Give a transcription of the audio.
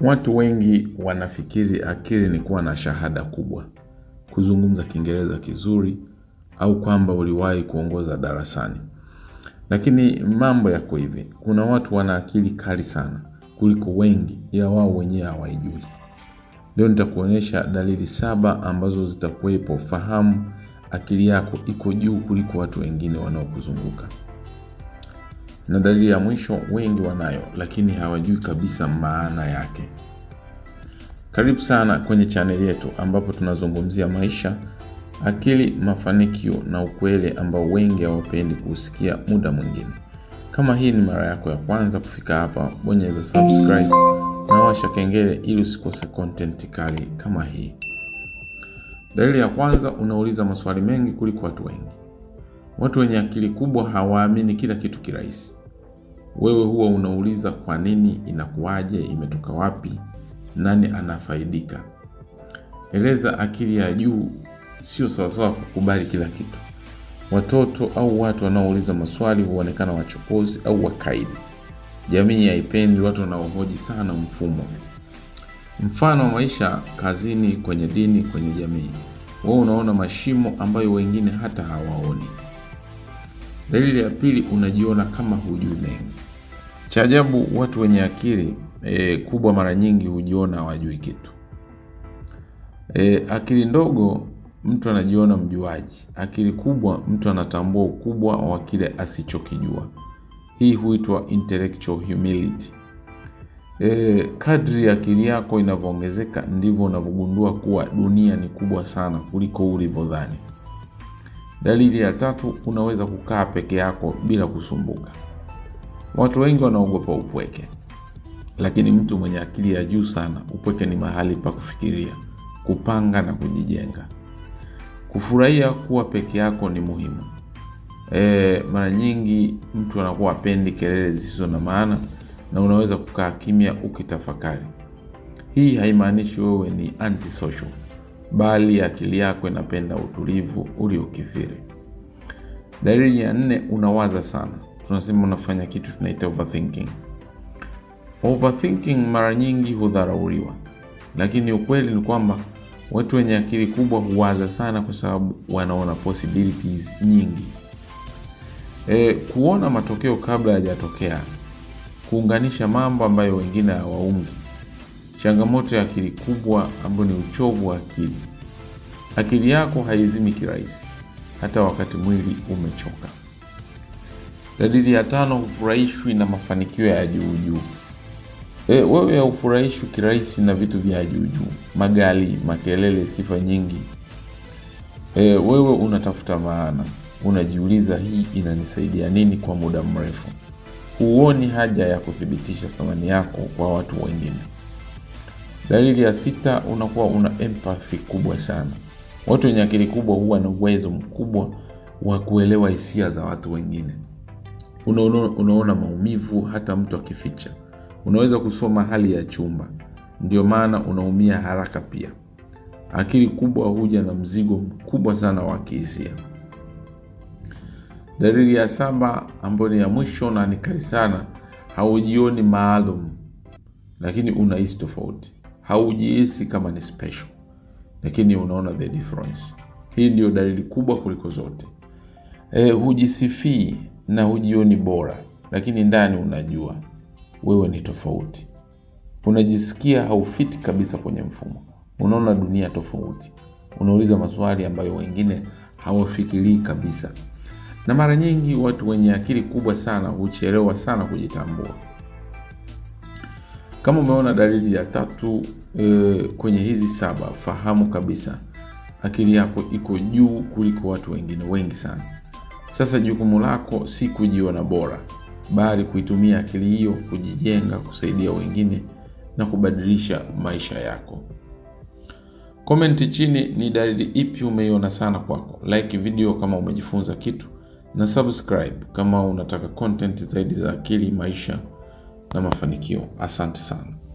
Watu wengi wanafikiri akili ni kuwa na shahada kubwa, kuzungumza Kiingereza kizuri, au kwamba uliwahi kuongoza darasani. Lakini mambo yako hivi, kuna watu wana akili kali sana kuliko wengi ila wao wenyewe hawaijui. Leo nitakuonyesha dalili saba ambazo zitakuwepo. Fahamu akili yako iko juu kuliko watu wengine wanaokuzunguka na dalili ya mwisho wengi wanayo, lakini hawajui kabisa maana yake. Karibu sana kwenye chaneli yetu ambapo tunazungumzia maisha, akili, mafanikio na ukweli ambao wengi hawapendi kuusikia muda mwingine. Kama hii ni mara yako ya kwanza kufika hapa, bonyeza subscribe na washa kengele ili usikose content kali kama hii. Dalili ya kwanza, unauliza maswali mengi kuliko watu wengi. Watu wenye akili kubwa hawaamini kila kitu kirahisi wewe huwa unauliza kwa nini, inakuwaje, imetoka wapi, nani anafaidika. Eleza akili ya juu sio sawasawa kukubali kila kitu. Watoto au watu wanaouliza maswali huonekana wachokozi au wakaidi. Jamii haipendi watu wanaohoji sana mfumo. Mfano wa maisha kazini, kwenye dini, kwenye jamii, wewe unaona mashimo ambayo wengine hata hawaoni. Dalili ya pili, unajiona kama hujui mengi. Cha ajabu, watu wenye akili e, kubwa mara nyingi hujiona hawajui kitu. E, akili ndogo mtu anajiona mjuaji. Akili kubwa mtu anatambua ukubwa wa kile asichokijua. Hii huitwa intellectual humility. E, kadri akili yako inavyoongezeka ndivyo unavyogundua kuwa dunia ni kubwa sana kuliko ulivyodhani. Dalili ya tatu, unaweza kukaa peke yako bila kusumbuka. Watu wengi wanaogopa upweke, lakini mtu mwenye akili ya juu sana, upweke ni mahali pa kufikiria, kupanga na kujijenga. Kufurahia kuwa peke yako ni muhimu. E, mara nyingi mtu anakuwa apendi kelele zisizo na maana, na unaweza kukaa kimya ukitafakari. Hii haimaanishi wewe ni antisocial bali akili yako inapenda utulivu uliokithiri. Dalili ya nne, unawaza sana. Tunasema unafanya kitu tunaita overthinking. Overthinking mara nyingi hudharauriwa, lakini ukweli ni kwamba watu wenye akili kubwa huwaza sana kwa sababu wanaona possibilities nyingi. E, kuona matokeo kabla hayajatokea, kuunganisha mambo ambayo wengine hawaungi, Changamoto ya akili kubwa ambayo ni uchovu wa akili. Akili yako haizimi kirahisi hata wakati mwili umechoka. Dalili ya tano, hufurahishwi na mafanikio ya juu juu. E, wewe haufurahishwi kirahisi na vitu vya juu juu, magari, makelele, sifa nyingi. E, wewe unatafuta maana, unajiuliza hii inanisaidia nini kwa muda mrefu. Huoni haja ya kuthibitisha thamani yako kwa watu wengine. Dalili ya sita, unakuwa una empathy kubwa sana. Watu wenye akili kubwa huwa na uwezo mkubwa wa kuelewa hisia za watu wengine. Unaona, unaona maumivu hata mtu akificha. Unaweza kusoma hali ya chumba, ndio maana unaumia haraka. Pia akili kubwa huja na mzigo mkubwa sana wa kihisia. Dalili ya saba ambayo ni ya mwisho na ni kali sana, haujioni maalum, lakini unahisi tofauti haujihisi kama ni special, lakini unaona the difference. Hii ndio dalili kubwa kuliko zote. E, hujisifii na hujioni bora, lakini ndani unajua wewe ni tofauti. Unajisikia haufiti kabisa kwenye mfumo, unaona dunia tofauti, unauliza maswali ambayo wengine hawafikirii kabisa. Na mara nyingi watu wenye akili kubwa sana huchelewa sana kujitambua. Kama umeona dalili ya tatu e, kwenye hizi saba, fahamu kabisa akili yako iko juu kuliko watu wengine wengi sana. Sasa jukumu lako si kujiona bora, bali kuitumia akili hiyo kujijenga, kusaidia wengine na kubadilisha maisha yako. Komenti chini ni dalili ipi umeiona sana kwako. Like video kama umejifunza kitu, na subscribe kama unataka content zaidi za akili, maisha na mafanikio. Asante sana.